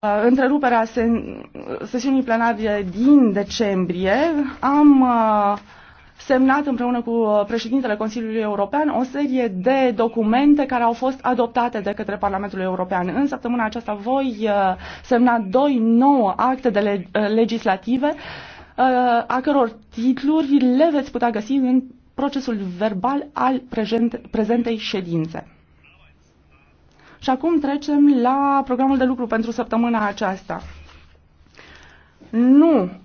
Uh, întreruperea sesiunii plenare din decembrie, am uh, semnat împreună cu uh, președintele Consiliului European o serie de documente care au fost adoptate de către Parlamentul European. În săptămâna aceasta voi semna doi nou acte de legislative a căror titluri le veți putea găsi în procesul verbal al prezentei ședințe. Și acum trecem la programul de lucru pentru săptămâna aceasta. Nu